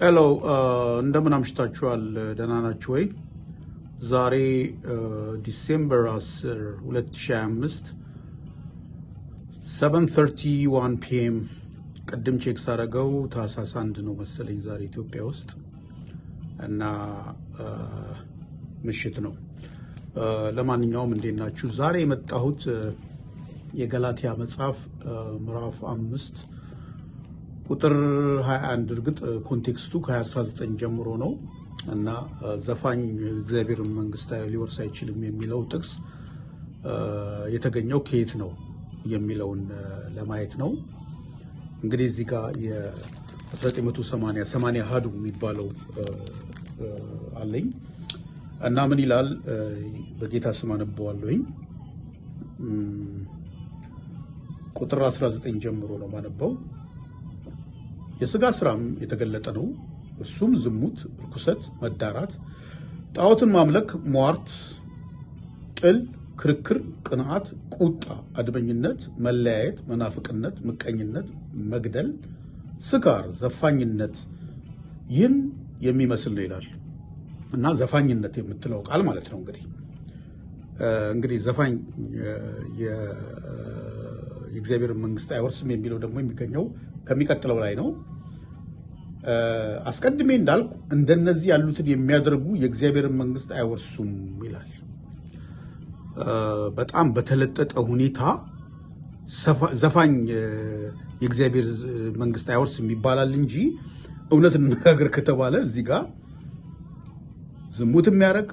ሄሎ uh, እንደምን አምሽታችኋል? ደህና ናችሁ ወይ? ዛሬ ዲሴምበር 10 2025 7:31 ፒኤም ቅድም ቼክ ሳረገው ታህሳስ አንድ ነው መሰለኝ ዛሬ ኢትዮጵያ ውስጥ እና uh, ምሽት ነው። uh, ለማንኛውም እንዴት ናችሁ? ዛሬ የመጣሁት የገላትያ መጽሐፍ ምዕራፍ አምስት ቁጥር 21 እርግጥ ኮንቴክስቱ ከ19 ጀምሮ ነው እና ዘፋኝ እግዚአብሔር መንግስት ሊወርስ አይችልም የሚለው ጥቅስ የተገኘው ከየት ነው የሚለውን ለማየት ነው። እንግዲህ እዚህ ጋር የ1980 80 ሀዱ የሚባለው አለኝ እና ምን ይላል? በጌታ ስም አነበዋለሁኝ። ቁጥር 19 ጀምሮ ነው ማነበው የስጋ ስራም የተገለጠ ነው። እሱም ዝሙት፣ ርኩሰት፣ መዳራት፣ ጣዖትን ማምለክ፣ ሟርት፣ ጥል፣ ክርክር፣ ቅንዓት፣ ቁጣ፣ አድመኝነት፣ መለያየት፣ መናፍቅነት፣ ምቀኝነት፣ መግደል፣ ስካር፣ ዘፋኝነት ይህን የሚመስል ነው ይላል እና ዘፋኝነት የምትለው ቃል ማለት ነው እንግዲህ እንግዲህ ዘፋኝ የእግዚአብሔር መንግስት አይወርስም የሚለው ደግሞ የሚገኘው ከሚቀጥለው ላይ ነው። አስቀድሜ እንዳልኩ እንደነዚህ ያሉትን የሚያደርጉ የእግዚአብሔርን መንግስት አይወርሱም ይላል። በጣም በተለጠጠ ሁኔታ ዘፋኝ የእግዚአብሔር መንግስት አይወርስም ይባላል እንጂ እውነት እንነጋገር ከተባለ እዚህ ጋር ዝሙት የሚያደርግ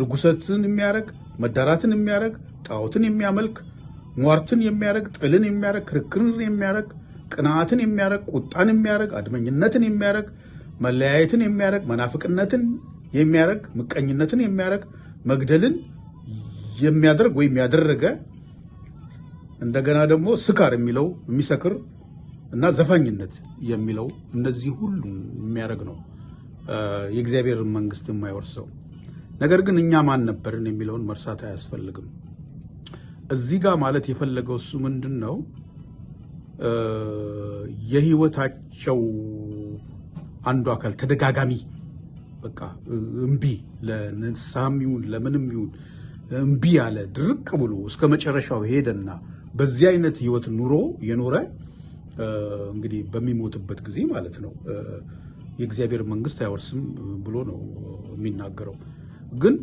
ርጉሰትን የሚያደርግ መዳራትን የሚያደርግ ጣዖትን የሚያመልክ ሟርትን የሚያደርግ ጥልን የሚያደርግ ክርክርን የሚያደርግ ቅንዓትን የሚያደርግ ቁጣን የሚያደርግ አድመኝነትን የሚያደርግ መለያየትን የሚያደርግ መናፍቅነትን የሚያረግ ምቀኝነትን የሚያደርግ መግደልን የሚያደርግ ወይም ያደረገ እንደገና ደግሞ ስካር የሚለው የሚሰክር እና ዘፋኝነት የሚለው እነዚህ ሁሉ የሚያደርግ ነው የእግዚአብሔርን መንግስት የማይወርሰው። ነገር ግን እኛ ማን ነበርን የሚለውን መርሳት አያስፈልግም። እዚህ ጋር ማለት የፈለገው እሱ ምንድን ነው የህይወታቸው አንዱ አካል ተደጋጋሚ በቃ እምቢ ለንስሐም ይሁን ለምንም ይሁን እምቢ ያለ ድርቅ ብሎ እስከ መጨረሻው ሄደና በዚህ አይነት ህይወት ኑሮ የኖረ እንግዲህ በሚሞትበት ጊዜ ማለት ነው የእግዚአብሔር መንግስት አይወርስም ብሎ ነው የሚናገረው። ግን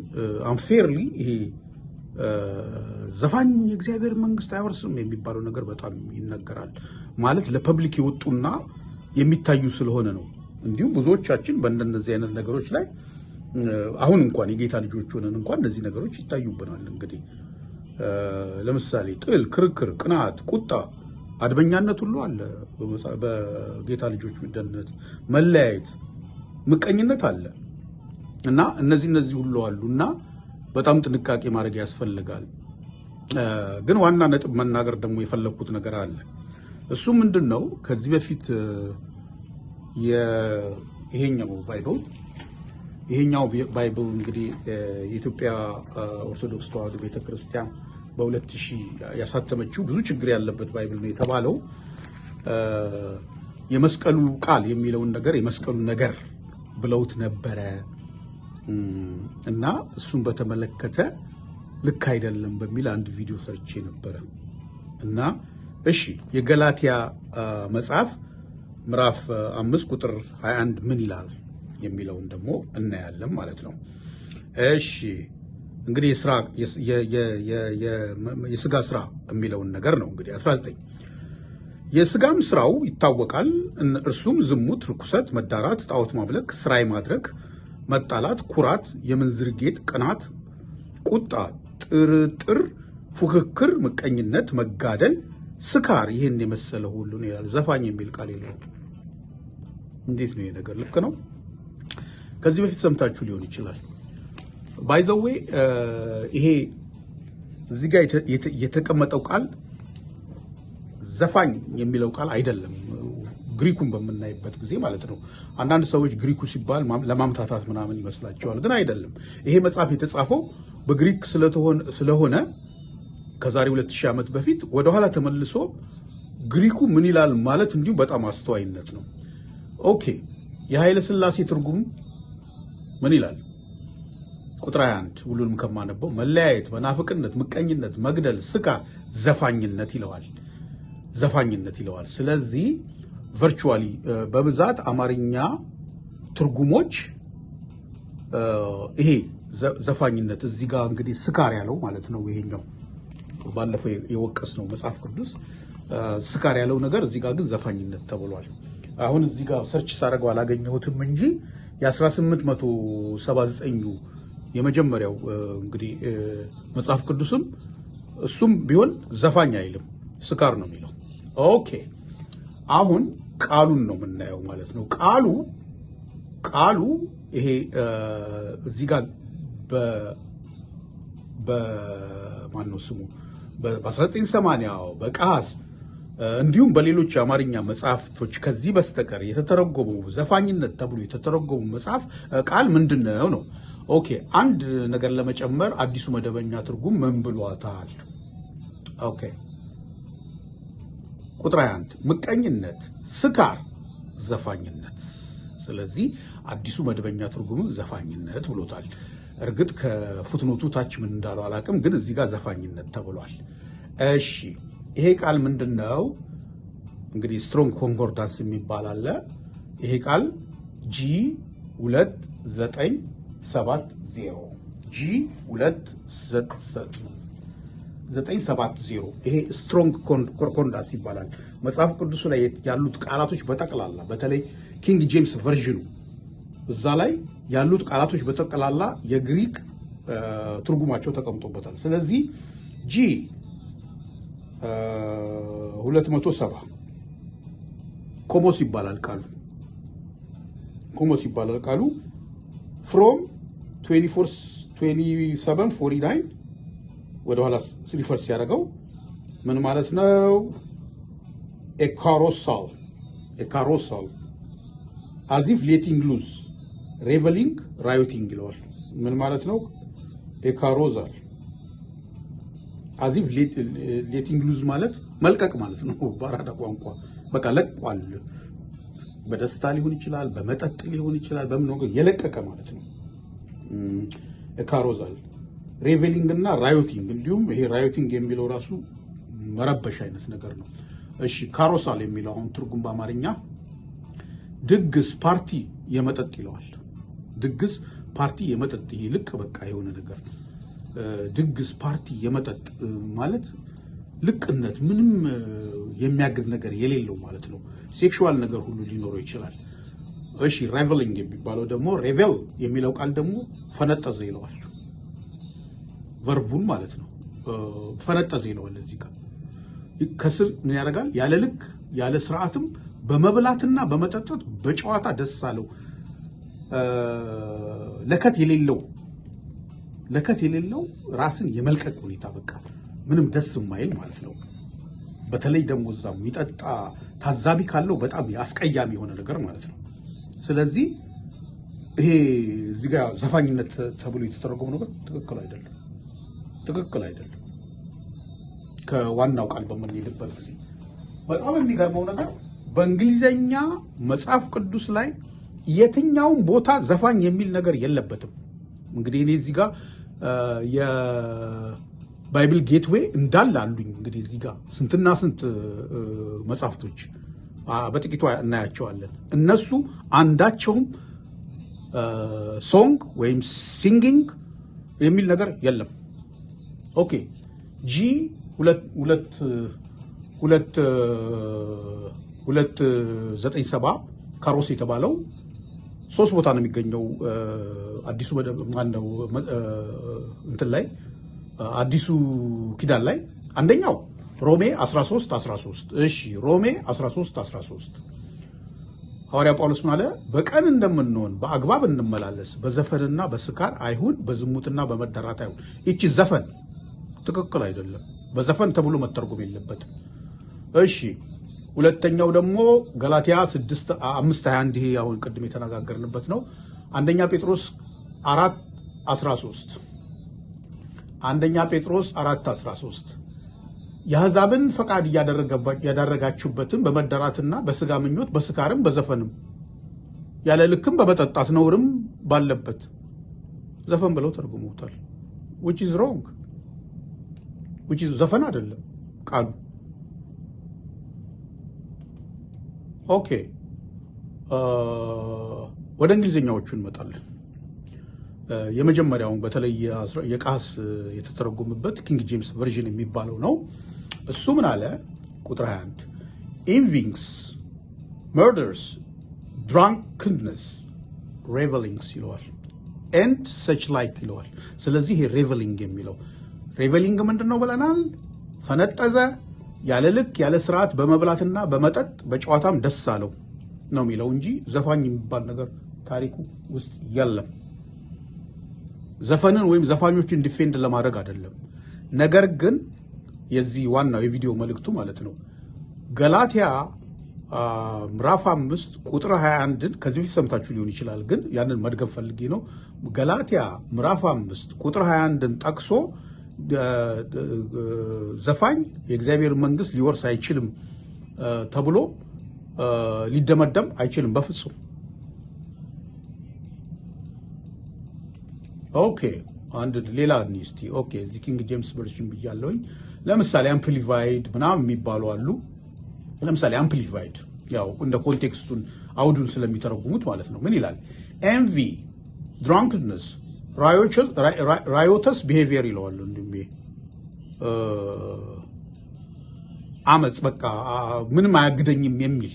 አንፌርሊ ይሄ ዘፋኝ የእግዚአብሔር መንግስት አይወርስም የሚባለው ነገር በጣም ይነገራል። ማለት ለፐብሊክ የወጡና የሚታዩ ስለሆነ ነው። እንዲሁም ብዙዎቻችን በእንደነዚህ አይነት ነገሮች ላይ አሁን እንኳን የጌታ ልጆች ሆነን እንኳን እነዚህ ነገሮች ይታዩብናል። እንግዲህ ለምሳሌ ጥል፣ ክርክር፣ ቅናት፣ ቁጣ፣ አድመኛነት ሁሉ አለ በጌታ ልጆች ደህንነት፣ መለያየት፣ ምቀኝነት አለ እና እነዚህ እነዚህ ሁሉ አሉ እና በጣም ጥንቃቄ ማድረግ ያስፈልጋል። ግን ዋና ነጥብ መናገር ደግሞ የፈለግኩት ነገር አለ። እሱ ምንድን ነው? ከዚህ በፊት ይሄኛው ባይብል ይሄኛው ባይብል እንግዲህ የኢትዮጵያ ኦርቶዶክስ ተዋህዶ ቤተክርስቲያን በ2000 ያሳተመችው ብዙ ችግር ያለበት ባይብል ነው የተባለው የመስቀሉ ቃል የሚለውን ነገር የመስቀሉ ነገር ብለውት ነበረ። እና እሱን በተመለከተ ልክ አይደለም በሚል አንድ ቪዲዮ ሰርቼ ነበረ እና እሺ የገላትያ መጽሐፍ ምዕራፍ አምስት ቁጥር 21 ምን ይላል የሚለውን ደግሞ እናያለን ማለት ነው። እሺ እንግዲህ የስጋ ስራ የሚለውን ነገር ነው እንግዲህ 19 የስጋም ስራው ይታወቃል። እርሱም ዝሙት፣ ርኩሰት፣ መዳራት፣ ጣዖት ማምለክ፣ ስራይ ማድረግ መጣላት፣ ኩራት፣ የምንዝር ጌጥ፣ ቅናት፣ ቁጣ፣ ጥርጥር፣ ፉክክር፣ ምቀኝነት፣ መጋደል፣ ስካር ይህን የመሰለ ሁሉ ነው ይላል። ዘፋኝ የሚል ቃል የለውም። እንዴት ነው ይሄ ነገር? ልክ ነው። ከዚህ በፊት ሰምታችሁ ሊሆን ይችላል። ባይዘዌ ይሄ እዚህ ጋር የተቀመጠው ቃል ዘፋኝ የሚለው ቃል አይደለም። ግሪኩን በምናይበት ጊዜ ማለት ነው። አንዳንድ ሰዎች ግሪኩ ሲባል ለማምታታት ምናምን ይመስላቸዋል፣ ግን አይደለም። ይሄ መጽሐፍ የተጻፈው በግሪክ ስለሆነ ከዛሬ 2000 ዓመት በፊት ወደኋላ ተመልሶ ግሪኩ ምን ይላል ማለት እንዲሁም በጣም አስተዋይነት ነው። ኦኬ የኃይለ ሥላሴ ትርጉም ምን ይላል? ቁጥር 21 ሁሉንም ከማነበው መለያየት፣ መናፍቅነት፣ ምቀኝነት፣ መግደል፣ ስካር፣ ዘፋኝነት ይለዋል ዘፋኝነት ይለዋል። ስለዚህ ቨርቹዋሊ በብዛት አማርኛ ትርጉሞች ይሄ ዘፋኝነት እዚህ ጋር እንግዲህ ስካር ያለው ማለት ነው። ይሄኛው ባለፈው የወቀስ ነው መጽሐፍ ቅዱስ ስካር ያለው ነገር እዚህ ጋር ግን ዘፋኝነት ተብሏል። አሁን እዚህ ጋር ሰርች ሳደርገው አላገኘሁትም እንጂ የ1879ኙ የመጀመሪያው እንግዲህ መጽሐፍ ቅዱስም እሱም ቢሆን ዘፋኝ አይልም ስካር ነው የሚለው። ኦኬ አሁን ቃሉን ነው የምናየው ማለት ነው። ቃሉ ቃሉ ይሄ እዚህ ጋር በማነው ስሙ በ1980 በቃስ እንዲሁም በሌሎች የአማርኛ መጽሐፍቶች ከዚህ በስተቀር የተተረጎሙ ዘፋኝነት ተብሎ የተተረጎሙ መጽሐፍ ቃል ምንድን ነው ነው? ኦኬ አንድ ነገር ለመጨመር አዲሱ መደበኛ ትርጉም ምን ብሏታል? ኦኬ ቁጥር 21 ምቀኝነት፣ ስካር፣ ዘፋኝነት። ስለዚህ አዲሱ መደበኛ ትርጉሙ ዘፋኝነት ብሎታል። እርግጥ ከፉትኖቱ ታች ምን እንዳለው አላቅም፣ ግን እዚህ ጋር ዘፋኝነት ተብሏል። እሺ ይሄ ቃል ምንድን ነው? እንግዲህ ስትሮንግ ኮንኮርዳንስ የሚባል አለ። ይሄ ቃል ጂ 2970 ጂ 2 970 ይሄ ስትሮንግ ኮንዳስ ይባላል። መጽሐፍ ቅዱሱ ላይ ያሉት ቃላቶች በጠቅላላ በተለይ ኪንግ ጄምስ ቨርዥኑ እዛ ላይ ያሉት ቃላቶች በጠቅላላ የግሪክ ትርጉማቸው ተቀምጦበታል። ስለዚህ ጂ 270 ኮሞስ ይባላል ቃሉ ኮሞስ ይባላል ቃሉ ፍሮም 24 27 49 ወደኋላ ሪፈርስ ሲያደርገው ምን ማለት ነው? ኤካሮሳል ኤካሮሳል አዚፍ ሌቲንግ ሉዝ ሬቨሊንግ ራዮቲንግ ይለዋል። ምን ማለት ነው? ኤካሮዛል አዚፍ ሌቲንግ ሉዝ ማለት መልቀቅ ማለት ነው በአራዳ ቋንቋ። በቃ ለቋል። በደስታ ሊሆን ይችላል፣ በመጠጥ ሊሆን ይችላል፣ በምን የለቀቀ ማለት ነው። ኤካሮዛል ሬቬሊንግ እና ራዮቲንግ እንዲሁም ይሄ ራዮቲንግ የሚለው ራሱ መረበሽ አይነት ነገር ነው። እሺ ካሮሳል የሚለው አሁን ትርጉም በአማርኛ ድግስ፣ ፓርቲ፣ የመጠጥ ይለዋል። ድግስ፣ ፓርቲ፣ የመጠጥ ይሄ ልቅ በቃ የሆነ ነገር ድግስ፣ ፓርቲ፣ የመጠጥ ማለት ልቅነት፣ ምንም የሚያግድ ነገር የሌለው ማለት ነው። ሴክሹዋል ነገር ሁሉ ሊኖረው ይችላል። እሺ ሬቨሊንግ የሚባለው ደግሞ ሬቨል የሚለው ቃል ደግሞ ፈነጠዘ ይለዋል። ቨርቡን ማለት ነው። ፈነጠዘ ይለዋል እዚህ ጋር ከስር ምን ያደርጋል? ያለ ልክ ያለ ስርዓትም በመብላትና በመጠጠት በጨዋታ ደስ አለው። ለከት የሌለው ለከት የሌለው ራስን የመልቀቅ ሁኔታ በቃ ምንም ደስ የማይል ማለት ነው። በተለይ ደግሞ እዛ የሚጠጣ ታዛቢ ካለው በጣም አስቀያሚ የሆነ ነገር ማለት ነው። ስለዚህ ይሄ እዚህ ጋር ዘፋኝነት ተብሎ የተተረጎመው ነገር ትክክል አይደለም። ትክክል አይደለም። ከዋናው ቃል በምንሄድበት ጊዜ በጣም የሚገርመው ነገር በእንግሊዘኛ መጽሐፍ ቅዱስ ላይ የትኛውም ቦታ ዘፋኝ የሚል ነገር የለበትም። እንግዲህ እኔ እዚህ ጋር የባይብል ጌትዌይ እንዳለ አሉኝ። እንግዲህ እዚህ ጋር ስንትና ስንት መጽሐፍቶች በጥቂቱ እናያቸዋለን። እነሱ አንዳቸውም ሶንግ ወይም ሲንጊንግ የሚል ነገር የለም። ኦኬ ጂ ሁለት ሁለት ሁለት ዘጠኝ ሰባ ካሮስ የተባለው ሶስት ቦታ ነው የሚገኘው። አዲሱ ማነው እንትን ላይ አዲሱ ኪዳን ላይ አንደኛው ሮሜ 13 13 እሺ፣ ሮሜ 13 13 ሐዋርያ ጳውሎስ ምን አለ? በቀን እንደምንሆን በአግባብ እንመላለስ፣ በዘፈንና በስካር አይሁን፣ በዝሙትና በመዳራት አይሁን። ይቺ ዘፈን ትክክል አይደለም። በዘፈን ተብሎ መተርጎም የለበትም። እሺ ሁለተኛው ደግሞ ገላትያ 6 5 21 ይሄ አሁን ቅድም የተነጋገርንበት ነው። አንደኛ ጴጥሮስ 4 13 አንደኛ ጴጥሮስ 4 13 የአሕዛብን ፈቃድ ያዳረጋችሁበትን በመዳራትና በስጋ ምኞት በስካርም በዘፈንም ያለ ልክም በመጠጣት ነውርም ባለበት ዘፈን ብለው ተርጉመውታል። ዊች ኢዝ ሮንግ ውጪ ዘፈን አይደለም ቃሉ። ኦኬ ወደ እንግሊዝኛዎቹ እንመጣለን። የመጀመሪያውን በተለይ የቃስ የተተረጎመበት ኪንግ ጄምስ ቨርዥን የሚባለው ነው። እሱ ምን አለ? ቁጥር 21 ኢንቪንግስ መርደርስ ድራንክንድነስ ሬቨሊንግስ ይለዋል ኤንድ ሰች ላይክ ይለዋል። ስለዚህ ሬቨሊንግ የሚለው ሬቨሊንግ ምንድን ነው ብለናል? ፈነጠዘ ያለ ልክ ያለ ስርዓት በመብላትና በመጠጥ በጨዋታም ደስ አለው ነው የሚለው እንጂ ዘፋኝ የሚባል ነገር ታሪኩ ውስጥ የለም። ዘፈንን ወይም ዘፋኞችን ዲፌንድ ለማድረግ አይደለም። ነገር ግን የዚህ ዋናው የቪዲዮ መልእክቱ ማለት ነው ገላትያ ምዕራፍ አምስት ቁጥር 21ን ከዚህ በፊት ሰምታችሁ ሊሆን ይችላል፣ ግን ያንን መድገብ ፈልጌ ነው። ገላትያ ምዕራፍ አምስት ቁጥር 21ን ጠቅሶ ዘፋኝ የእግዚአብሔር መንግስት ሊወርስ አይችልም ተብሎ ሊደመደም አይችልም በፍጹም። ኦኬ አንድ ሌላ ኒስቲ ኦኬ እዚህ ኪንግ ጄምስ ቨርሽን ብያለሁኝ። ለምሳሌ አምፕሊቫይድ ምናምን የሚባሉ አሉ። ለምሳሌ አምፕሊቫይድ ያው እንደ ኮንቴክስቱን አውዱን ስለሚተረጉሙት ማለት ነው። ምን ይላል? ኤንቪ ድራንክነስ ራዮተስ ቢሄቪየር ይለዋል። እንዲሁም አመፅ በቃ ምንም አያግደኝም የሚል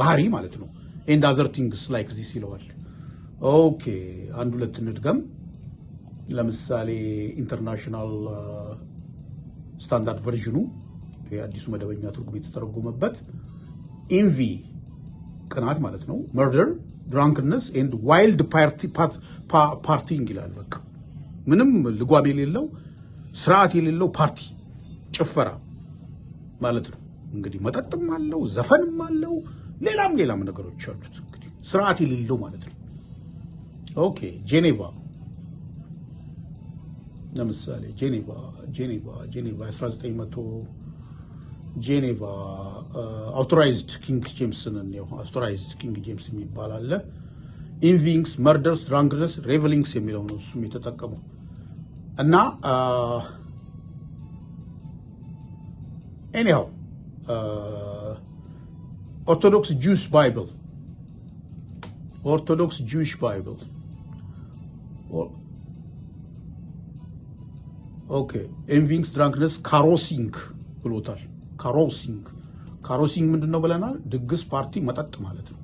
ባህሪ ማለት ነው። ኤንድ አዘር ቲንግስ ላይክ ዚስ ይለዋል። ኦኬ አንድ ሁለት እንድገም። ለምሳሌ ኢንተርናሽናል ስታንዳርድ ቨርዥኑ አዲሱ መደበኛ ትርጉም የተተረጎመበት ኢንቪ ቅናት ማለት ነው። መርደር ድራንክነስ ኤንድ ዋይልድ ፓርቲንግ ይላል። በቃ ምንም ልጓም የሌለው ስርዓት የሌለው ፓርቲ ጭፈራ ማለት ነው። እንግዲህ መጠጥም አለው፣ ዘፈንም አለው፣ ሌላም ሌላም ነገሮች አሉት። እንግዲህ ስርዓት የሌለው ማለት ነው። ኦኬ ጄኔቫ ለምሳሌ ጄኔቫ ጄኔቫ ጄኔቫ 1900 ጄኔቫ አውቶራይዝድ ኪንግ ጄምስንን አውቶራይዝድ ኪንግ ጄምስ የሚባል አለ። ኢንቪንግስ፣ መርደርስ፣ ራንግነስ፣ ሬቨሊንግስ የሚለው ነው እሱም የተጠቀመው እና ኤኒሃው ኦርቶዶክስ ጁስ ባይብል ኦርቶዶክስ ጁሽ ባይብል ኦኬ ኢንቪንግስ ድራንክነስ ካሮሲንግ ብሎታል። ካሮሲንግ ካሮሲንግ ምንድን ነው ብለናል? ድግስ፣ ፓርቲ፣ መጠጥ ማለት ነው።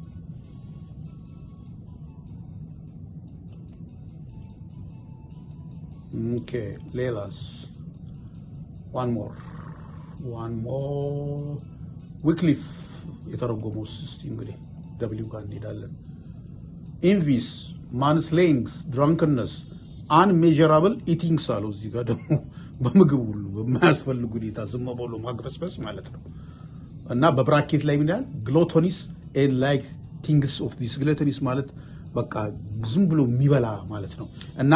ኦኬ ሌላስ? ዋን ሞር ዋን ሞር ዊክሊፍ የተረጎመው እስኪ እንግዲህ ደብሊው ጋር እንሄዳለን። ኢንቪስ ማንስሌንግስ ድራንክነስ አንሜጀራብል ኢቲንግስ አለው እዚህ ጋር ደግሞ በምግብ ሁሉ በማያስፈልግ ሁኔታ ዝም ብሎ ማግበስበስ ማለት ነው እና በብራኬት ላይ ሚላል ግሎቶኒስ ኤን ላይክ ቲንግስ ኦፍ ዲስ ግሎቶኒስ ማለት በቃ ዝም ብሎ የሚበላ ማለት ነው እና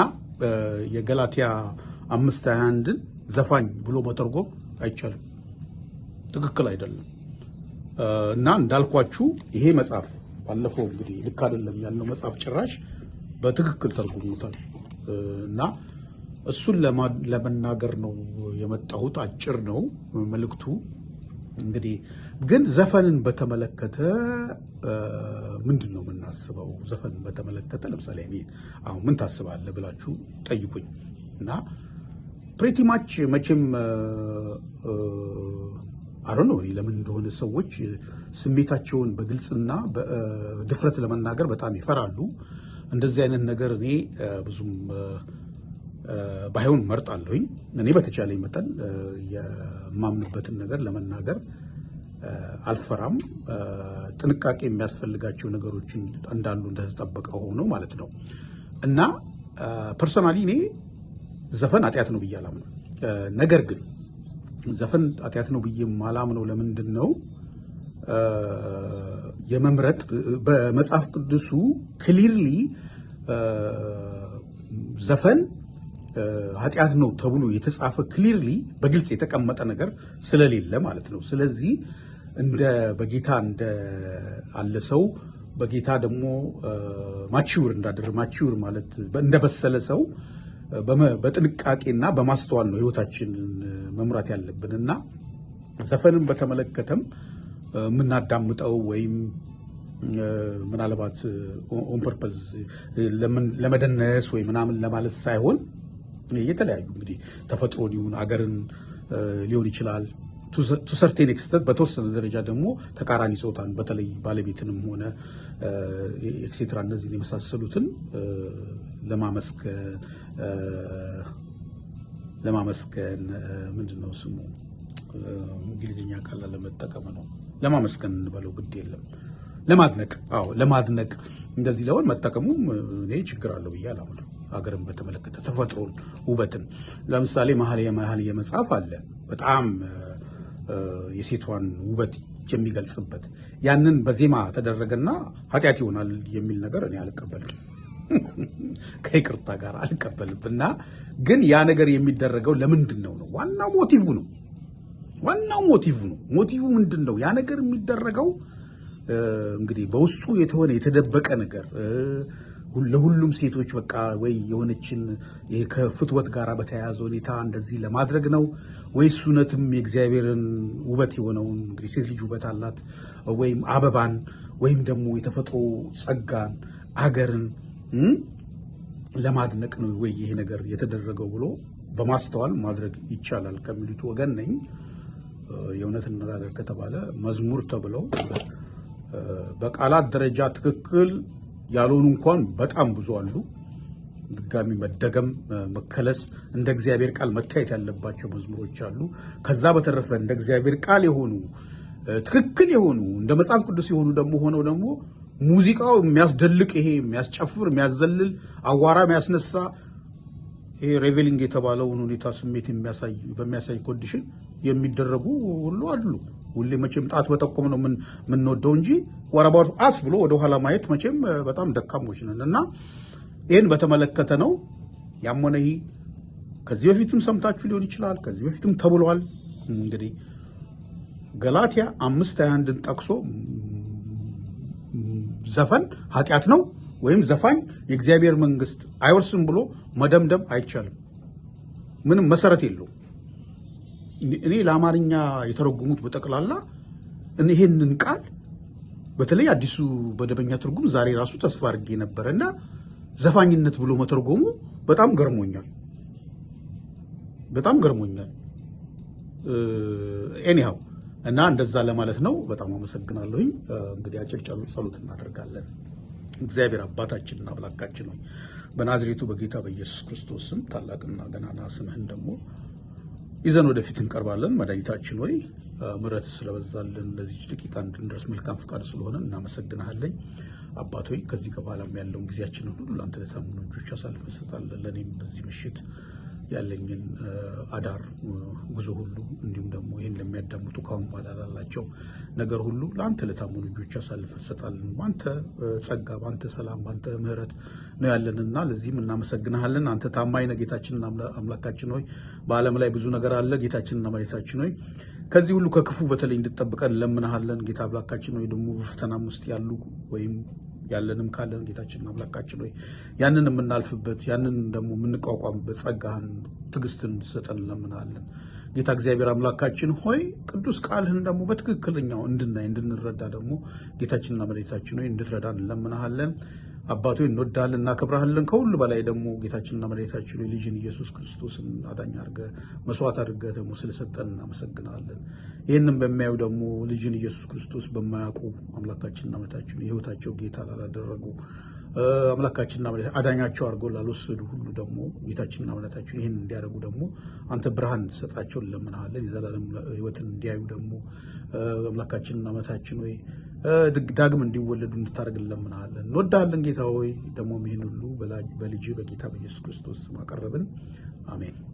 የገላትያ አምስት ሃያ አንድን ዘፋኝ ብሎ መተርጎም አይቻልም፣ ትክክል አይደለም። እና እንዳልኳችሁ ይሄ መጽሐፍ ባለፈው እንግዲህ ልክ አይደለም ያለው መጽሐፍ ጭራሽ በትክክል ተርጉሞታል እና እሱን ለመናገር ነው የመጣሁት። አጭር ነው መልእክቱ። እንግዲህ ግን ዘፈንን በተመለከተ ምንድን ነው የምናስበው? ዘፈንን በተመለከተ ለምሳሌ እኔ አሁን ምን ታስባለህ ብላችሁ ጠይቁኝ እና ፕሬቲ ማች መቼም አሮ ነው ለምን እንደሆነ ሰዎች ስሜታቸውን በግልጽና ድፍረት ለመናገር በጣም ይፈራሉ። እንደዚህ አይነት ነገር እኔ ብዙም ባይሆን መርጣለሁኝ። እኔ በተቻለ መጠን የማምንበትን ነገር ለመናገር አልፈራም። ጥንቃቄ የሚያስፈልጋቸው ነገሮች እንዳሉ እንደተጠበቀ ሆኖ ማለት ነው እና ፐርሰናሊ እኔ ዘፈን አጥያት ነው ብዬ አላምነው። ነገር ግን ዘፈን አጥያት ነው ብዬ ማላምነው ለምንድን ነው? የመምረጥ በመጽሐፍ ቅዱሱ ክሊርሊ ዘፈን ኃጢአት ነው ተብሎ የተጻፈ ክሊርሊ በግልጽ የተቀመጠ ነገር ስለሌለ ማለት ነው። ስለዚህ እንደ በጌታ እንደ አለ ሰው በጌታ ደግሞ ማቺውር እንዳደረ ማቺውር ማለት እንደ በሰለ ሰው በጥንቃቄና በማስተዋል ነው ህይወታችንን መምራት ያለብን እና ዘፈንን በተመለከተም የምናዳምጠው ወይም ምናልባት ኦን ፐርፐዝ ለመደነስ ወይ ምናምን ለማለት ሳይሆን የተለያዩ እንግዲህ ተፈጥሮን ይሁን አገርን ሊሆን ይችላል ቱሰርቴን ኤክስተንት በተወሰነ ደረጃ ደግሞ ተቃራኒ ጾታን በተለይ ባለቤትንም ሆነ ኤክሴትራ እነዚህ የመሳሰሉትን ለማመስገን ለማመስገን ምንድን ነው ስሙ እንግሊዝኛ ቃል ለመጠቀም ነው ለማመስገን እንበለው ግድ የለም ለማድነቅ አዎ ለማድነቅ እንደዚህ ለሆን መጠቀሙም እኔ ችግር አለው ብዬ አላምነው። ሀገርን በተመለከተ ተፈጥሮን፣ ውበትን ለምሳሌ መኃልየ መኃልየ መጽሐፍ አለ በጣም የሴቷን ውበት የሚገልጽበት ያንን በዜማ ተደረገና ኃጢአት ይሆናል የሚል ነገር እኔ አልቀበልም፣ ከይቅርታ ጋር አልቀበልም። እና ግን ያ ነገር የሚደረገው ለምንድን ነው ነው ዋናው ሞቲቭ ነው። ዋናው ሞቲቭ ነው። ሞቲቭ ምንድን ነው? ያ ነገር የሚደረገው እንግዲህ በውስጡ የተሆነ የተደበቀ ነገር ለሁሉም ሴቶች በቃ ወይ የሆነችን ከፍትወት ጋር በተያያዘ ሁኔታ እንደዚህ ለማድረግ ነው ወይስ እውነትም የእግዚአብሔርን ውበት የሆነውን እንግዲህ ሴት ልጅ ውበት አላት ወይም አበባን ወይም ደግሞ የተፈጥሮ ጸጋን አገርን ለማድነቅ ነው ወይ ይሄ ነገር የተደረገው ብሎ በማስተዋል ማድረግ ይቻላል ከሚሉት ወገን ነኝ። የእውነት እነጋገር ከተባለ መዝሙር ተብለው በቃላት ደረጃ ትክክል ያልሆኑ እንኳን በጣም ብዙ አሉ። ድጋሚ መደገም መከለስ እንደ እግዚአብሔር ቃል መታየት ያለባቸው መዝሙሮች አሉ። ከዛ በተረፈ እንደ እግዚአብሔር ቃል የሆኑ ትክክል የሆኑ እንደ መጽሐፍ ቅዱስ የሆኑ ደግሞ ሆነው ደግሞ ሙዚቃው የሚያስደልቅ ይሄ የሚያስጨፍር የሚያዘልል አዋራ የሚያስነሳ ይሄ ሬቬሊንግ የተባለውን ሁኔታ ስሜት በሚያሳይ ኮንዲሽን የሚደረጉ ሁሉ አሉ። ሁሌ መቼም ጣት በጠቆም ነው የምንወደው እንጂ ወረባቱ አስ ብሎ ወደኋላ ማየት መቼም በጣም ደካሞች ነን እና ይህን በተመለከተ ነው ያሞነ ይህ ከዚህ በፊትም ሰምታችሁ ሊሆን ይችላል። ከዚህ በፊትም ተብሏል። እንግዲህ ገላትያ አምስት ሃያ አንድን ጠቅሶ ዘፈን ኃጢአት ነው ወይም ዘፋኝ የእግዚአብሔር መንግስት አይወርስም ብሎ መደምደም አይቻልም። ምንም መሰረት የለውም። እኔ ለአማርኛ የተረጉሙት በጠቅላላ ይሄንን ቃል በተለይ አዲሱ መደበኛ ትርጉም ዛሬ ራሱ ተስፋ አድርጌ ነበረ እና ዘፋኝነት ብሎ መተርጎሙ በጣም ገርሞኛል፣ በጣም ገርሞኛል። ኤኒሃው እና እንደዛ ለማለት ነው። በጣም አመሰግናለሁኝ። እንግዲህ አጭር ጸሎት እናደርጋለን። እግዚአብሔር አባታችንና አምላካችን ነው። በናዝሬቱ በጌታ በኢየሱስ ክርስቶስ ስም ታላቅና ገናና ስምህን ደግሞ ይዘን ወደፊት እንቀርባለን። መድኃኒታችን ሆይ ምሕረት ስለበዛልን ለዚህ ደቂቃ እንድንደርስ መልካም ፍቃድ ስለሆነ እናመሰግናሃለኝ። አባት ሆይ ከዚህ ከኋላም ያለውን ጊዜያችንን ሁሉ ለአንተ ለታመኑ እጆች አሳልፈን እንሰጣለን። ለእኔም በዚህ ምሽት ያለኝን አዳር ጉዞ ሁሉ እንዲሁም ደግሞ ይህን ለሚያዳምጡ ካሁን በኋላ ያላቸው ነገር ሁሉ ለአንተ ለታመኑ ልጆች አሳልፈን እንሰጣለን። በአንተ ጸጋ፣ በአንተ ሰላም፣ በአንተ ምሕረት ነው ያለንና ለዚህም እናመሰግንሃለን። አንተ ታማኝ ነህ ጌታችን አምላካችን ሆይ። በዓለም ላይ ብዙ ነገር አለ ጌታችንና መድኃኒታችን ሆይ ከዚህ ሁሉ ከክፉ በተለይ እንድጠብቀን ለምናሃለን ጌታ አምላካችን ሆይ ደግሞ በፈተናም ውስጥ ያሉ ወይም ያለንም ካለን ጌታችንና አምላካችን ሆይ ያንን የምናልፍበት ያንን ደግሞ የምንቋቋምበት ጸጋህን፣ ትዕግስትን እንድትሰጠን ለምንሃለን። ጌታ እግዚአብሔር አምላካችን ሆይ ቅዱስ ቃልህን ደግሞ በትክክለኛው እንድናይ እንድንረዳ ደግሞ ጌታችንና መሬታችን ሆይ እንድትረዳ እንለምናሃለን። አባቶ እንወዳለን፣ እናከብረሃለን። ከሁሉ በላይ ደግሞ ጌታችንና መሬታችን ሆይ ልጅን ኢየሱስ ክርስቶስን አዳኝ አድርገህ መስዋዕት አድርገ ደግሞ ስለሰጠን እናመሰግናለን። ይህንም በሚያዩ ደግሞ ልጅን ኢየሱስ ክርስቶስ በማያውቁ አምላካችንና መድኃኒታችን የህይወታቸው ጌታ ላላደረጉ አምላካችንና አዳኛቸው አድርጎ ላልወሰዱ ሁሉ ደግሞ ጌታችንና አምላካችን ይህን እንዲያደርጉ ደግሞ አንተ ብርሃን ሰጣቸው እንለምንሃለን። የዘላለም ሕይወትን እንዲያዩ ደግሞ አምላካችንና አመታችን ወይ ዳግም እንዲወለዱ እንድታደርግ እንለምንሃለን። እንወዳለን ጌታ ሆይ ደግሞ ይህን ሁሉ በልጅ በጌታ በኢየሱስ ክርስቶስ ስም አቀረብን፣ አሜን።